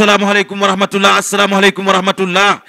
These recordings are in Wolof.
asalaamaaleykum wa rahmatullah asalaamaaleykum wa rahmatullah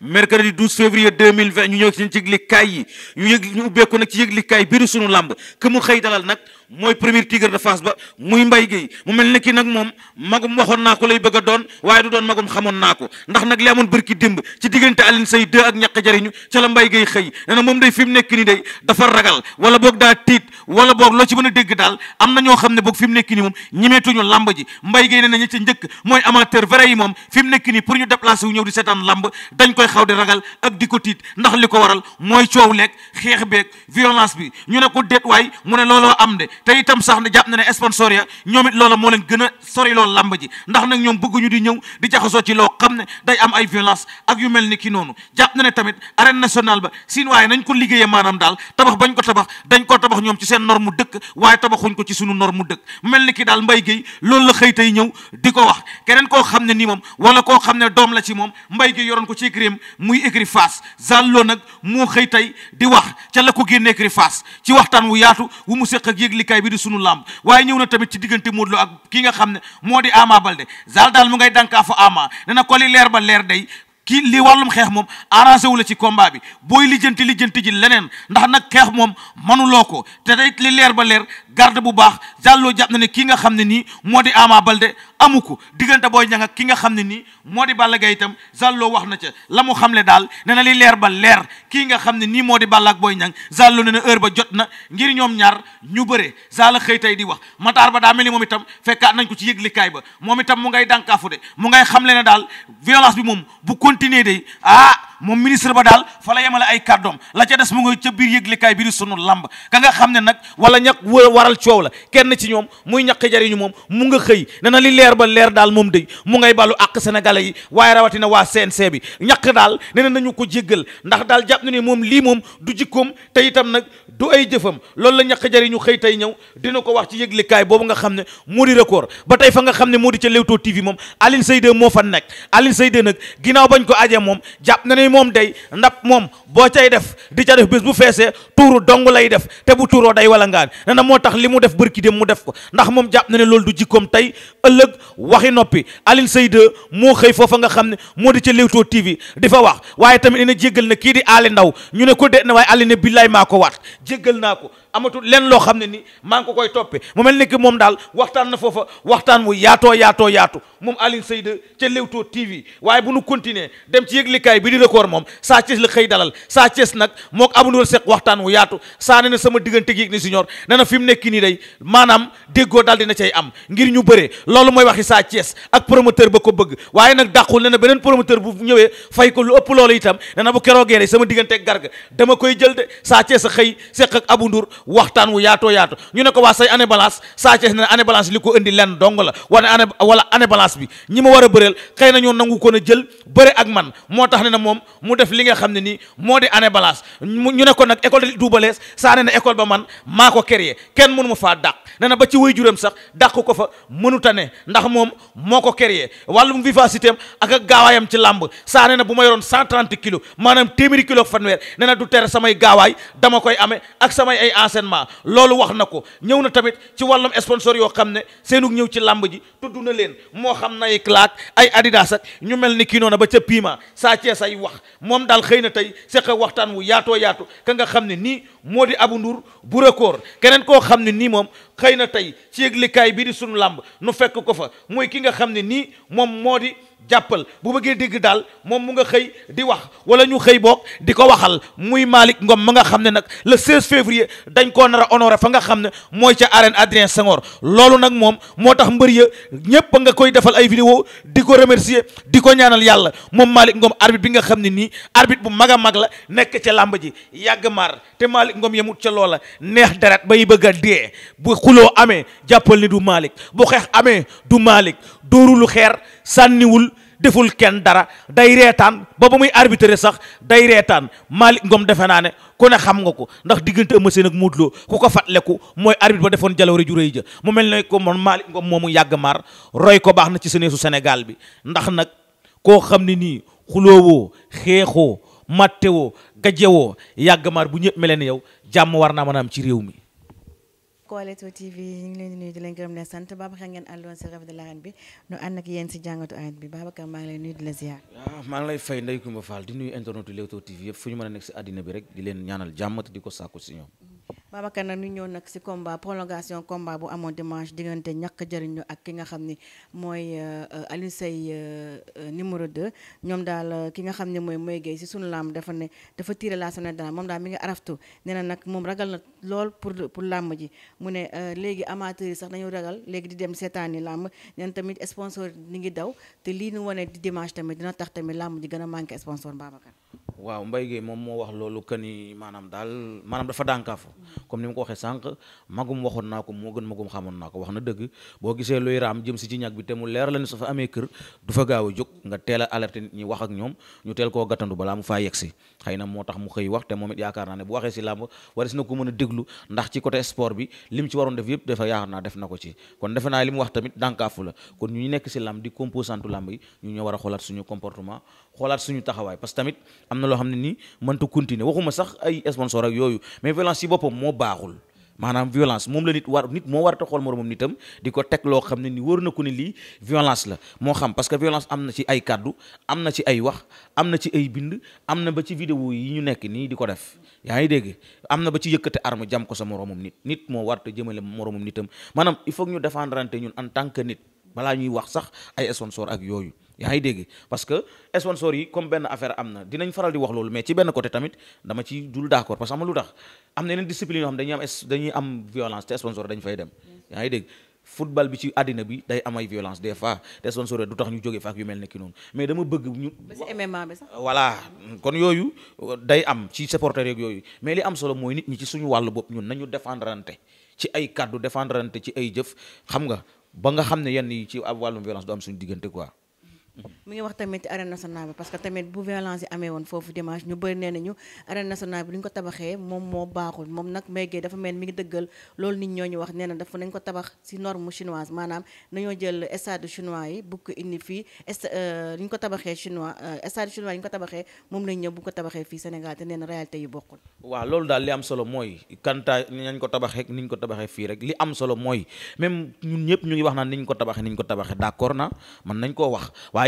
mercredi 12 février 2020 ñu ñëw ci yëglikaay yi ñu yëg ñu ubbeeku nag ci yëglikaay biiru sunu làmb que mu xëy dalal nag mooy premier tigre de Fass ba muy Mbaye Guèye mu mel ni nag moom magum waxoon naa ko lay bëgg a doon waaye du doon magum xamoon naa ko ndax nag li amoon bërki démb ci diggante Alioune Seye 2 ak ñàkk jariñu ca la Mbaye xëy nee na moom day fi mu nekk ni day dafa ragal wala boog daa tiit wala boog loo ci mën a dégg daal am na ñoo xam ne boog fi mu nekk ni moom ñimeetuñu làmb ji Mbaye Guèye nee na ñi ca njëkk mooy amateur vrai yi moom fi mu nekk ni pour ñu déplacé wu ñëw di seetaan làmb dañ koy xaw di ragal ak di ko tiit ndax li ko waral mooy coow leeg xeex beeg violence bi ñu ne ko déet waay mu ne looloo am de te itam sax ne jàpp na ne sponsor ya ñoom it loola moo leen gën a làmb ji ndax nag ñoom bëgguñu di ñëw di jaxasoo ci loo xam ne day am ay violence ak yu mel ni ki noonu jàpp na ne tamit arène nationale ba siin waaye nañ ko liggéeyee maanaam daal tabax bañ ko tabax dañ ko tabax ñoom ci seen norme dëkk waaye tabaxuñ ko ci sunu norme dëkk mel ni ki daal mbay géey loolu la xëy tey ñëw di ko wax keneen koo xam ne nii moom wala koo xam ne doom la ci moom mbay géey yoroon ko ci écrim muy écri face zàlloo nag moo xëy tey di wax ca la ko génne écri face ci waxtaan wu yaatu mu séq ak yéenekaay bi di sunu làmb waaye ñëw na tamit ci diggante Modou Lo ak ki nga xam ne moo di Ama Baldé zal daal mu ngay dànkaafu Ama ne na li leer ba leer day kii li wàllum xeex moom arrangé wu la ci combat bi booy lijjanti lijjanti ji leneen ndax nag xeex moom manuloo ko te tey li leer ba leer garde bu baax jàlloo jàpp na ne kii nga xam ne nii moo di Ama Baldé amu ko diggante booy ñang ki nga xam ne nii moo di Balla gay itam Zallo wax na ca la mu xamle daal ne na li leer ba leer kii nga xam ne nii moo di Balla ak booy ñang Zallo ne na heure ba jot na ngir ñoom ñaar ñu bëre Zalla xëy tey di wax Matar ba daa mel ni moom itam fekkaat nañ ko ci yëglikaay ba moom itam mu ngay dànkaafu de mu ngay xamle ne daal violence bi moom bu continuer de ah moom ministre ba daal fa la yemale ay kàddoom la ca des mu nga ca biir yëglekaay bi di sunu lamb ka nga xam ne nag wala ñaq waral coow la kenn ci ñoom muy ñaq jariñu moom mu nga xëy ne na li leer ba leer daal moom day mu ngay balu àq sénégalais yi waaye rawatina waa CNC bi ñaq daal nee na nañu ko jéggal ndax daal jàpp na ne moom lii moom du jikkoom te itam nag du ay jëfam loolu la ñaq jariñu xëy tey ñëw dina ko wax ci yëglekaay boobu nga xam ne moo di record ba tey fa nga xam ne moo di ca Leewtoo TV moom Aline Seyde moo fa nekk Aline Seyde nag ginnaaw bañ ko ajee moom jàpp moom day ndap moom boo cay def di ca def bis bu feesee tuuru dong lay def te bu tuuroo day wala ngaan ne na moo tax li mu def bërki dem mu def ko ndax moom jàpp na ne loolu du jikkoom tey ëllëg waxi noppi alin Seye moo xëy foofa nga xam ne moo di ca Leewtoo TV di fa wax waaye tamit na jéggal na kii di Aly Ndaw ñu ne ko de waaye Aly ne billaay maa ko waat jéggal naa ko amatul lenn loo xam ne ni maa ngi ko koy toppee mu mel ni que moom daal waxtaan na foofa waxtaan wu yaatoo yaato yaatu moom Alioune Seyde ca Leewtoo TV waaye bu nu continuer dem ci yëglikaay bi di record moom Sa Thiès la xëy dalal Sa nag mook Abou Ndour Seck waxtaan wu yaatu saa ne na sama diggante gi ni Junior ne na fi mu nekk nii day maanaam déggoo daal dina cay am ngir ñu bëree loolu mooy waxi Sa Thiès ak promoteur ba ko bëgg waaye nag dàqul ne na beneen promoteur bu ñëwee fay ko lu ëpp loolu itam ne na bu sama diggante garga dama koy jël de Sa xëy Seck ak Abou Ndour waxtaan wu yaatoo yaato ñu ne ko waa say anne balance Sa Thiès ne année balance li ko indi lenn dong la wane année wala année balance bi ñi ma war a bëreel xëy na ñoo nangu ko na jël bëre ak man moo tax ne na moom mu def li nga xam ne nii moo di année balance ñu ne ko nag école duubalees saa ne na école ba man maa ko créé kenn mënu ma faa dàq ne na ba ci wéy juram sax dàq ko fa mënuta ne ndax moom moo ko créé wàllum vivacité am ak ak gaawaayam ci làmb saa ne na ma yoroon cent kilos maanaam téeméeri kilo fanweer ne na du tere samay gaawaay dama koy amee ak samay ay enseignement loolu wax na ko ñëw na tamit ci wàllum sponsor yoo xam ne seenug ñëw ci làmb ji tudd na leen moo xam nay claak ay Adidas ñu mel ni kii noona ba ca Pima saa cee say wax moom daal xëy na tey seq waxtaan wu yaatoo yaatu ka nga xam ne nii moo di Abu Ndour bu record keneen koo xam ne nii moom xëy na tey ci yëglikaay bii di sunu làmb nu fekk ko fa muy kii nga xam ne nii moom moo di jàppal bu bëggee dégg daal moom mu nga xëy di wax wala ñu xëy boog di ko waxal muy Malick ngoom ma nga xam ne nag la 16 février dañ koo nar a fa nga xam ne mooy ca arène Adrien Senghor loolu nag moom moo tax mbër ya ñépp nga koy defal ay vidéo di ko remercier di ko ñaanal yàlla moom Malick Ngom arbitre bi nga xam ne nii arbitre bu mag a mag la nekk ca làmb ji yàgg maar te Malick Ngom yemut ca loola neex deret bay bëgg a dee xuloo amee jàppal ni du maalik bu xeex amee du Malick dóorulu xeer sànniwul deful kenn dara day reetaan ba ba muy arbitré sax day reetaan Malick ngoom defe naa ne ku ne xam nga ko ndax diggante Eumeu Sène ak Modou Lo ku ko fatleku mooy arbitre ba defoon jaloore ju rëy ja mu mel ne ko moom Malick Ngom moomu yàgg maar roy ko baax na ci seneesu Sénégal bi ndax nag koo xam ne nii xuloowoo xeexoo mattewoo gajewoo yàgg maar bu ñëpp mel ne yow jàmm war naa mën a am ci réew mi ko Leewtoo TV ñu ngi leen di nuyu di leen gërëm ne sant Babacar ngeen àndoon si revue de l'arène bi nu ànd ak yéen si jàngatu arène bi Babacar maa ngi lay nuyu di la ziar waaw ah, maa ngi lay a nekk si mm-hmm. nag ñu ñëw nag si combat prolongation combat bu amoon dimanche diggante ñàkk jëriñu ak ki nga xam ni mooy euh, Alioune Seye euh, euh, numéro 2 ñoom daal ki nga xam ne mooy mooy gay si sunu làmb dafa ne dafa tiré la sonnette daal moom daal mi ngi araftu nee na nag moom ragal na lool pour pour làmb ji mu ne euh, léegi amateurs yi sax dañu ragal léegi di dem seetaani làmb ñan tamit sponsor ni ngi daw te lii nu wane di dimanche tamit dina tax tamit làmb ji gën a manqué sponsor Babacar waaw Mbaye Gueye moom moo wax loolu que ni maanaam daal maanaam dafa dànkaafu comme ni mu ko waxee sànq magum waxoon naa ko moo gën magum xamoon naa ko wax na dëgg boo gisee luy raam jëm si ci ñag bi te mu leer la ne su fa amee kër du fa gaaw a jóg nga teel a alerté ñi wax ak ñoom ñu teel koo gàttandu balaa mu faa yegg si xëy na moo tax mu xëy wax te yaakaar naa ne bu waxee si làmb war na ko mën a déglu ndax ci côté sport bi li mu ci waroon def yëpp dafa yaakaar naa def na ko ci kon defe naa li mu wax tamit dànkaafu la kon ñu ñu nekk si làmb di composantu làmb yi ñu ñoo war a xoolaat suñu comportement xolaat suñu taxawaay parce que tamit am na loo xam ne nii mënta continuer waxuma sax ay sponsor ak yooyu mais violence ci boppam moo baaxul maanaam violence moom la nit war nit moo war a xool moroomam nitam di ko teg loo xam ne ni wóor na ko ne lii violence la moo xam parce que violence am na ci ay kàddu am na ci ay wax am na ci ay bind am na ba ci vidéo yi ñu nekk nii di ko def yaa ngi dégg am na ba ci yëkkate arme jam ko sa moroomam nit nit moo war a jëmale moroomam nitam maanaam il faut ñu défendrante ñun en tant que nit balaa ñuy wax sax ay sponsor ak yooyu yaa ngi dégg parce que sponsor yi comme benn affaire am na dinañ faral di wax loolu mais ci benn côté tamit dama ci dul d'accord parce que am na lu tax am na yeneen discipline yoo fay dem yaa ngi dégg football bi ci àddina bi day am ay violence des fois te sponsor du tax ñu jógee faak yu mel nekki noonu mais dama bëgg ñu MMA bi sax voilà kon yooyu day am ci supporter yeeg yooyu mais li am solo mooy nit ñi ci suñu wàll bopp ñun nañu défendrante ci ay kaddu défendrante ci ay jëf xam nga ba nga xam ne yenn yi ci ab wàllum violence du am suñu diggante quoi mi ngi wax tamit ci arène nationale bi parce que tamit bu violence yi amee woon foofu dimanche ñu bëri nee nañu arène nationale bi li ñu ko tabaxee moom moom nag méygee dafa mel mi ngi loolu nit ñoo ñu wax nee na dafa nañ ko tabax si norme chinoise maanaam nañoo jël stade chinois yi bu ko fii euh, li ñu ko tabaxee chinois euh, stade ko tabaxee moom lañ ñëw bu ko tabaxee fii Sénégal te nee na réalité yu bokkul waaw loolu daal li am solo mooy kanta nañ ko tabaxee ni ñu ko tabaxee fii rek li am solo mooy même ñun ñëpp ñu ngi wax naan ni ñu ko tabaxee ni ko tabaxee d'accord na mën nañ koo wax waaye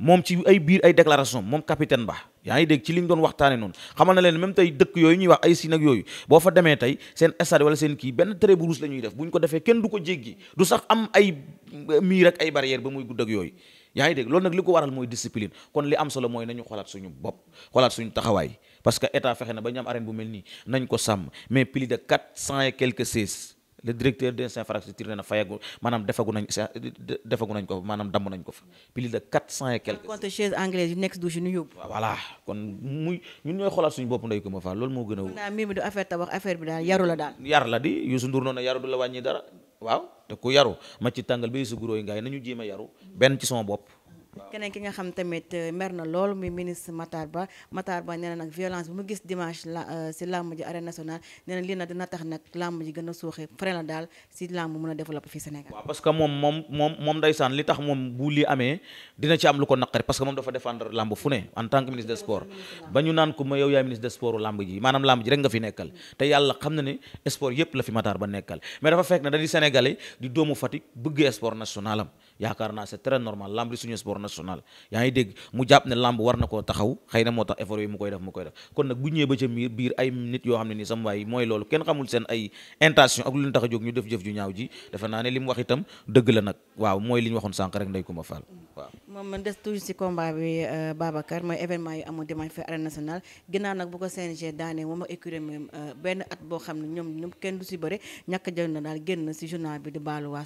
moom ci ay biir ay déclaration moom capitaine Ba yaa ngi dégg ci li ñu doon waxtaane noonu xamal na leen même tey dëkk yooyu ñuy wax ay Siin ak yooyu boo fa demee tey seen stade wala seen kii benn trait bu rouge la ñuy def bu ñu ko defee kenn du ko jéggi du sax am ay miir ak ay barrière ba muy gudd yooyu yaa ngi dégg loolu nag li ko waral mooy discipline kon li am solo mooy nañu xoolaat suñu bopp xoolaat suñu taxawaay parce que état fexe na ba ñu am arène bu mel mais plus de quatre cent et quelques le directeur des infrastructures nee na fayagu maanaam defagu nañ sa defagu nañ ko fa maanaam damm nañ ko fa plus de quatre cent et quelques. compte chaise anglaise yu nekk douche ñu yóbbu. voilà kon muy ñun ñooy xoolaat suñu bopp ndey ko ma faal loolu moo gën a. maanaam mbir mi du affaire tabax affaire bi daal yaru la daal. yar la di Youssou Ndour noonu yaru du la wàññi dara waaw te ku yaru ma ci tàngal ba Youssou Gurooy Ngaay nañu jéem a yaru benn ci sama bopp. keneen ki nga xam tamit euh, mer na lool muy ministre Matar Ba Matar Ba nee na nag violence bu mu gis dimanche la si euh, làmb ji arène nationale nee na lii nag dina tax nag làmb ji gën a suuxee frein la daal si làmb mën a développer fii Sénégal. waaw parce que moom moom moom moom ndeysaan li tax moom bu lii amee dina ci am lu ko naqari parce que moom dafa défendre lamb fu ne en tant que ministre des sports ba ñu naan ko ma yow yaay ministre des sports làmb ji maanaam làmb ji rek nga fi nekkal te yàlla xam na ne sport yëpp la fi Matar Ba nekkal mais dafa fekk ne dañuy sénégalais di doomu national am yaakaar naa c'est très normal lamb li suñu sport national yaa ngi dégg mu jàpp ne lamb war na koo taxaw xëy na moo tax effort yooyu mu koy def mu koy def kon nag bu ñëwee ba ca miir biir ay nit yoo ne nii sama waay mooy loolu kenn xamul seen ay intention ak lu leen a jóg ñu def jëf ju ñaaw ji defe naa ne li wax itam dëgg la nag waaw mooy li ñu waxoon rek ndey ku ma faal waaw moom man des toujours si combat bi euh, Babacar mooy événement yi amoon dimanche fi arène nationale ginnaaw nag bu ko CNG daanee moom ak écurie euh, benn at boo xam ne ñoom ñoom kenn du si bëre ñàkk jël na daal si journal bi di baalu waa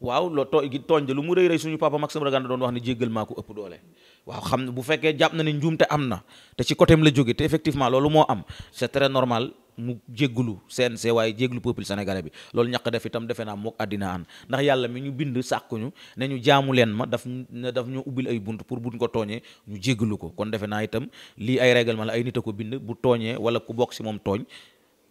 waaw loo too tooñ lu mu rëy rëy suñu papa Maxime Raganda doon wax ne jéggal maa ko ëpp doole waaw xam bu fekkee jàpp na ne te am na te ci côté am la jóge te effectivement loolu moo am c'est très normal mu seen CNG waaye jégglu peuple sénégalais bi loolu ñàkk def itam defe naa mook àddina an ndax yàlla mi ñu bind sàkkuñu ne ñu jaamu leen ma daf daf ñoo ubbil ay bunt pour buñ ko tooñee ñu jégglu ko kon defe naa itam lii ay règlement la ay nit a ko bind bu tooñee wala ku bokk si moom tooñ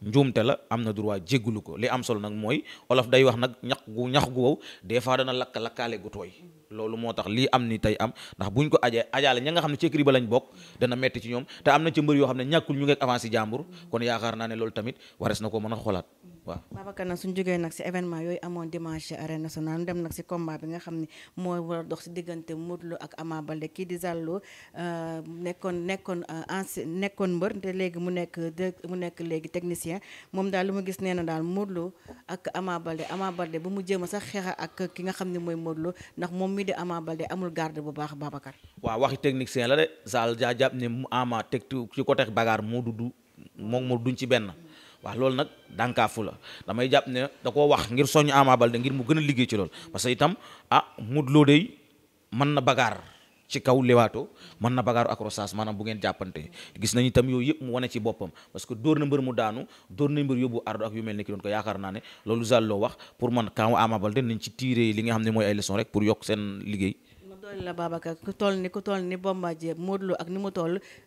njuumte la am na droit jéggulu ko li am solo nag mooy olof day wax nag ñax gu ñax gu wow des fois dana lakk lakkaale gu tooy loolu moo tax lii am ni tey am ndax buñ ko ajee ajaale ña nga xam ne ci écurie ba lañ bokk dana metti ci ñoom te am na ci mbër yoo xam ne ñàkkul ñu ngeeg avancé jàmbur kon yaakaar naa ne loolu tamit warees na ko mën a xoolaat waaw Babacar nag suñ jógee nag si événement yooyu amoon dimanche arène nationale dem nag si combat bi nga xam ni mooy war dox si diggante Modou ak Ama Baldé kii di Zallo euh, nekkoon nekkoon euh, ancien nekkoon mbër léegi mu nekk mu nekk léegi technicien moom daal lu mu gis nee na daal Modou ak Ama Baldé Ama Baldé mu jéem a sax xeex ak ki nga xam ne mooy Modou ndax moom mii di Ama Baldé amul garde bu baax Babacar waaw waxi technicien la de Zal jaa jàpp mu Ama teg ci côté bagaar moo du moom moo duñ ci benn waaw loolu nag dànkaafu la damay jàpp ne da koo wax ngir soññ Ama Baldé ngir mu gën a liggéey ci loolu parce que itam ah Modou Lo dey mën na bagaar ci kaw lewato mën na bagaaru ak rosaas maanaam bu ngeen jàppante gis nañu itam yooyu yëpp mu wane ci boppam parce que dóor na mbër mu daanu dóor na mbër yóbbu ardo ak yu mel ni ki doon ko yaakaar naa ne loolu zàlloo wax pour man kaw Ama Baldé nañ ci tiiree li nga xam ne mooy ay leçon rek pour yokk seen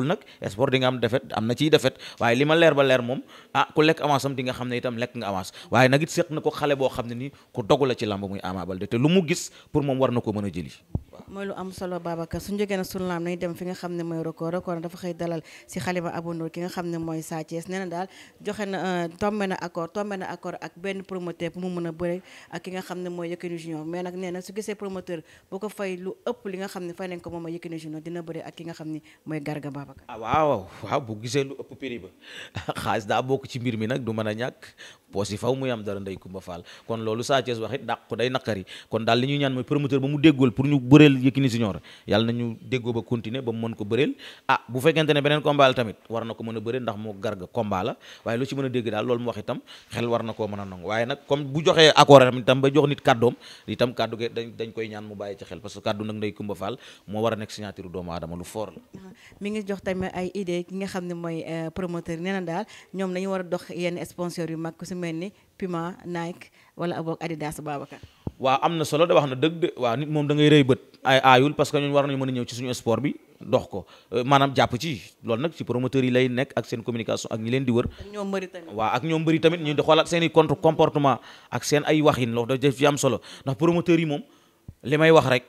teewul nag sport di nga am defet am na ciy defet waaye li ma leer ba leer moom ah ku lekk avance am di nga xam ne itam lekk nga avance waaye nag it seq na ko xale boo xam ne ni ku dogu la ci làmb muy Ama Baldé te lu mu gis pour moom war na ko mën a jëli mooy lu am solo Babacar su jógee na sunu laam nañu dem fi nga xam ne mooy record record ki euh, ak benn promoteur a xam ne mooy Yékini mais na su gisee promoteur bu ko fay li nga xam ne fay nañ ko moom mooy Yékini Junior dina bëre ak ki nga xam ne ah, ba daa bokk ci mbir mi nag du mën a ñàkk poos yi faw muy am dara Ndeye Coumba Fall kon loolu Sa Thiès wax it dàq mu déggool pour ñu bëre bëreel Yékini Junior yàlla nañu déggoo ba continuer ba mu mën ko bëreel ah bu fekkente ne beneen combat tamit war na ko mën a bëreel ndax moo garga combat waaye lu ci mën a dégg daal loolu mu wax itam xel war na koo mën a nangu waaye nag comme bu joxee accord tamit itam ba jox nit kàddoom itam kàddu dañ koy ñaan mu bàyyi ci xel parce kàddu nag Ndeye Coumba Fall moo war a nekk signature doomu aadama lu fort la mi ngi jox tamit ay idée ki nga xam euh, a ni Puma waaw am na solo de wax na dëgg de waaw nit moom da ngay rëy bët ay aayul parce que ñun war nañu mën a ñëw ci suñu sport bi dox ko euh, maanaam jàpp ci loolu nag ci promoteurs yi lay nekk ak seen communication ak ñi leen di wër waaw ak ñoo bëri tamit ñu di xoolaat seeni i contre comportement ak seen ay waxin loolu da ci am solo ndax promoteurs yi moom li may wax rek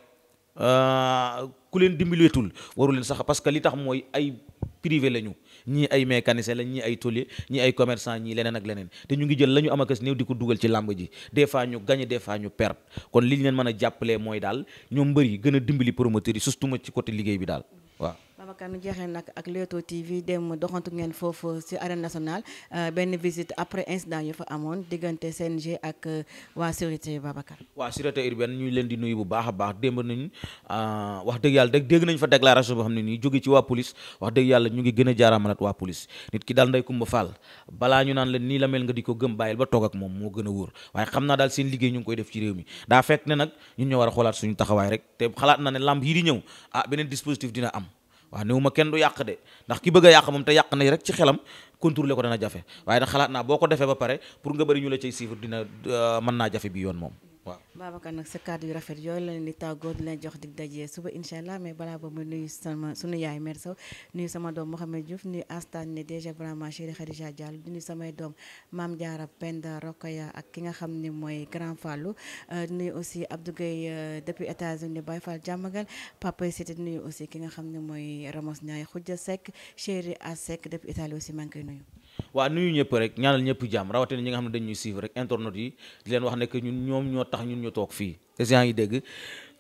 euh, ku leen dimbileetul waru leen sax parce que li tax mooy ay privé la ñu ñii ay mécanicien lañ ñii ay tôlier ñii ay commerçant ñii leneen ak leneen te ñu ngi jël la ñu am akas néew di ko dugal ci làmb ji des fois ñu gagné des fois ñu perdre kon li ñu leen mën a jàppalee mooy daal ñoom mbër yi gën a dimbali promoteurs yi surtout ma ci côté liggéey bi daal waaw Babacar nu jeexee nag ak Leewtoo TV dem doxantu ngeen foofu ci arène nationale euh, benn visite après incident yu fa amoon diggante CNG a euh, ñu ngi euh, nit ki daal nday Kumba Fall balaa ñu naan la nii la mel nga di ko gëm bàyyil ba toog ak moom moo gën a wóor waaye xam naa daal seen liggéey ñu ngi koy def ci réew mi daa fekk ne nag ñun ñoo war a xoolaat suñu taxawaay rek te xalaat na ne lamb yii di ñëw ah beneen dispositif dina am waa néew ma kenn du yàq de ndax ki bëgg yàq moom te yàq na rek ci xelam contrôler ko dana jafe waaye nag xalaat naa boo ko defee ba pare pour nga bëri ñu la cay suivre dina euh, mën naa jafe bi yoon moom waaw Babacar nag sa kàddu yu rafet yooyu la leen di tàggoo di leen jox di daje suba incha allah mais balaa ba ma nuyu sama sunu yaay mère Sow nuyu sama doom Mouhamed Diouf nuyu Astan ne déjà vraiment chéri Khadija Diallo di nuyu samay doom maam Mame Diarra Penda Rokhaya ak ki nga xam ni mooy Grand Fallou euh, di nuyu aussi Abdou euh, depuis États-Unis Baye Fall Diamagal Papa Cité di nuyu aussi ki nga xam ne mooy Ramos Ndiaye Khoudia Seck chéri Asek depuis Italie aussi maa ngi koy waa nuyu ñëpp rek ñaanal ñëpp jàmm rawatina ñi nga xam ne dañ ñuy suivre rek internet yi di leen wax ne que ñun ñoom ñoo tax ñun ñu toog fii est ngi dégg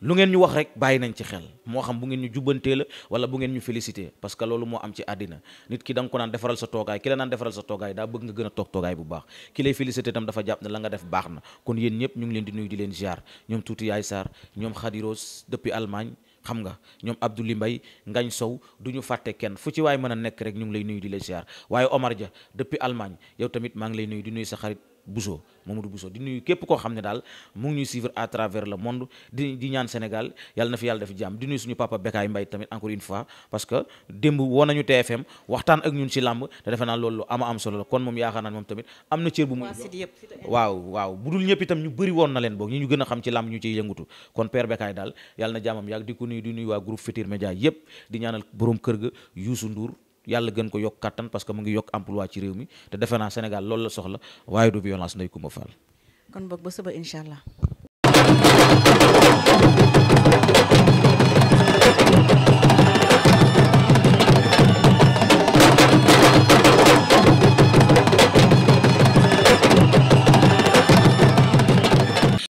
lu ngeen ñu wax rek bàyyi nañ ci xel moo xam bu ngeen ñu jubbantee la wala bu ngeen ñu félicité parce que loolu moo am ci àddina nit ki da nga ko naan defaral sa toogaay ki la naan defaral sa toogaay daa bëgg nga gën a toog toogaay bu baax ki lay félicité itam dafa jàpp ne la nga def baax na kon yéen ñëpp ñu ngi leen di nuyu di leen ziar ñoom tuuti yaay Sarr ñoom Khadiros depuis Allemagne xam nga ñoom Abdoulaye mbay Ngañ Sow du ñu fàtte kenn fu ci waay mën a nekk rek ñu ngi lay nuyu di la ziar waaye Omar Dia depuis Allemagne yow tamit maa ngi lay nuyu di nuyu sa xarit Bousso Mamadou Bousso di nuyu képp koo xam ne daal mu ngi ñuy suivre à travers le monde di ñaan Sénégal yàlla na fi yàlla def jàmm di nuy suñu papa Bekaay mbay tamit encore une fois parce que démb woo nañu TFM waxtaan ak ñun ci làmb te defe naa loolu ama am solo kon moom yaakaar naan moom tamit am na cër bu mu waaw waaw bu dul ñëpp itam ñu bëri woon na leen boo ñi ñu gën a xam ci làmb ñu ciy yëngutu kon per Bekaay daal yàlla na jàmmam yàgg di ko nuyu di nuyu waa groupe Futurs Médias yépp di ñaanal borom kër ga Youssou Ndour yàlla gën ko yokk kàttan parce que mu ngi yokk emploi ci réew mi te defe naa Sénégal loolu la soxla waaye du violence Ndeye Coumba Fall kon boog ba suba incha allah